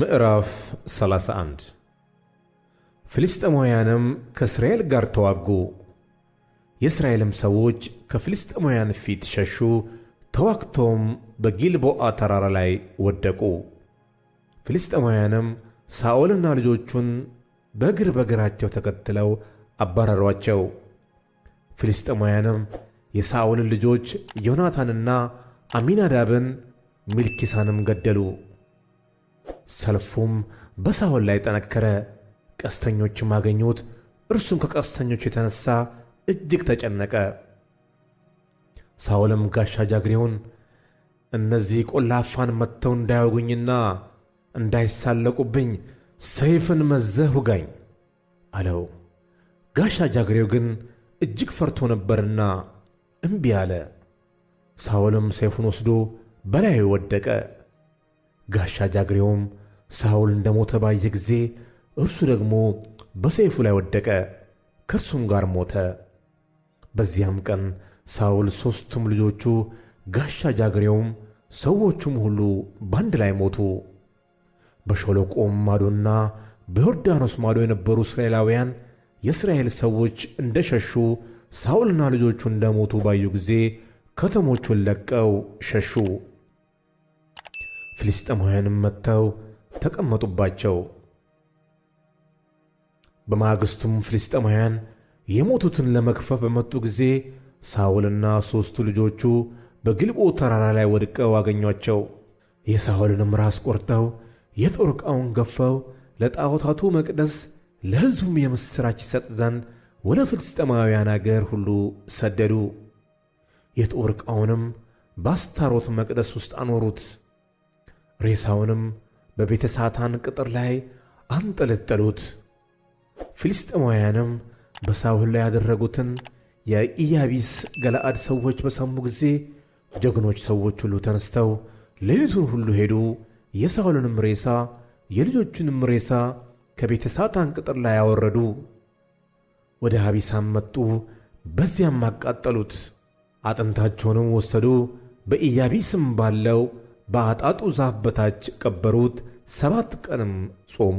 ምዕራፍ 31 ፍልስጥኤማውያንም ከእስራኤል ጋር ተዋጉ። የእስራኤልም ሰዎች ከፍልስጥኤማውያን ፊት ሸሹ፣ ተዋግተውም በጊልቦአ ተራራ ላይ ወደቁ። ፍልስጥኤማውያንም ሳኦልና ልጆቹን በእግር በእግራቸው ተከትለው አባረሯቸው። ፍልስጥኤማውያንም የሳኦልን ልጆች ዮናታንና አሚናዳብን ሚልኪሳንም ገደሉ። ሰልፉም በሳኦል ላይ ጠነከረ። ቀስተኞችም አገኙት፣ እርሱም ከቀስተኞቹ የተነሳ እጅግ ተጨነቀ። ሳኦልም ጋሻ ጃግሬውን እነዚህ ቆላፋን መጥተው እንዳያወጉኝና እንዳይሳለቁብኝ ሰይፍን መዘህ ውጋኝ አለው። ጋሻ ጃግሬው ግን እጅግ ፈርቶ ነበርና እምቢ አለ። ሳኦልም ሰይፉን ወስዶ በላዩ ወደቀ። ጋሻ ጃግሬውም ሳውል እንደ ሞተ ባየ ጊዜ እርሱ ደግሞ በሰይፉ ላይ ወደቀ፣ ከእርሱም ጋር ሞተ። በዚያም ቀን ሳውል፣ ሦስቱም ልጆቹ፣ ጋሻ ጃግሬውም፣ ሰዎቹም ሁሉ በአንድ ላይ ሞቱ። በሸለቆውም ማዶና በዮርዳኖስ ማዶ የነበሩ እስራኤላውያን የእስራኤል ሰዎች እንደ ሸሹ ሳውልና ልጆቹ እንደ ሞቱ ባዩ ጊዜ ከተሞቹን ለቀው ሸሹ። ፍልስጥኤማውያንም መጥተው ተቀመጡባቸው። በማግስቱም ፍልስጥኤማውያን የሞቱትን ለመክፈፍ በመጡ ጊዜ ሳውልና ሦስቱ ልጆቹ በግልቦ ተራራ ላይ ወድቀው አገኟቸው። የሳውልንም ራስ ቆርጠው የጦር ዕቃውን ገፈው ለጣዖታቱ መቅደስ ለሕዝቡም የምሥራች ይሰጥ ዘንድ ወደ ፍልስጥኤማውያን አገር ሁሉ ሰደዱ። የጦር ዕቃውንም በአስታሮት መቅደስ ውስጥ አኖሩት። ሬሳውንም በቤተ ሳታን ቅጥር ላይ አንጠለጠሉት። ፊልስጤማውያንም በሳውል ላይ ያደረጉትን የኢያቢስ ገለአድ ሰዎች በሰሙ ጊዜ ጀግኖች ሰዎች ሁሉ ተነስተው ሌሊቱን ሁሉ ሄዱ። የሳውልንም ሬሳ የልጆቹንም ሬሳ ከቤተ ሳታን ቅጥር ላይ አወረዱ። ወደ ሀቢሳም መጡ፣ በዚያም አቃጠሉት። አጥንታቸውንም ወሰዱ፣ በኢያቢስም ባለው በአጣጡ ዛፍ በታች ቀበሩት። ሰባት ቀንም ጾሙ።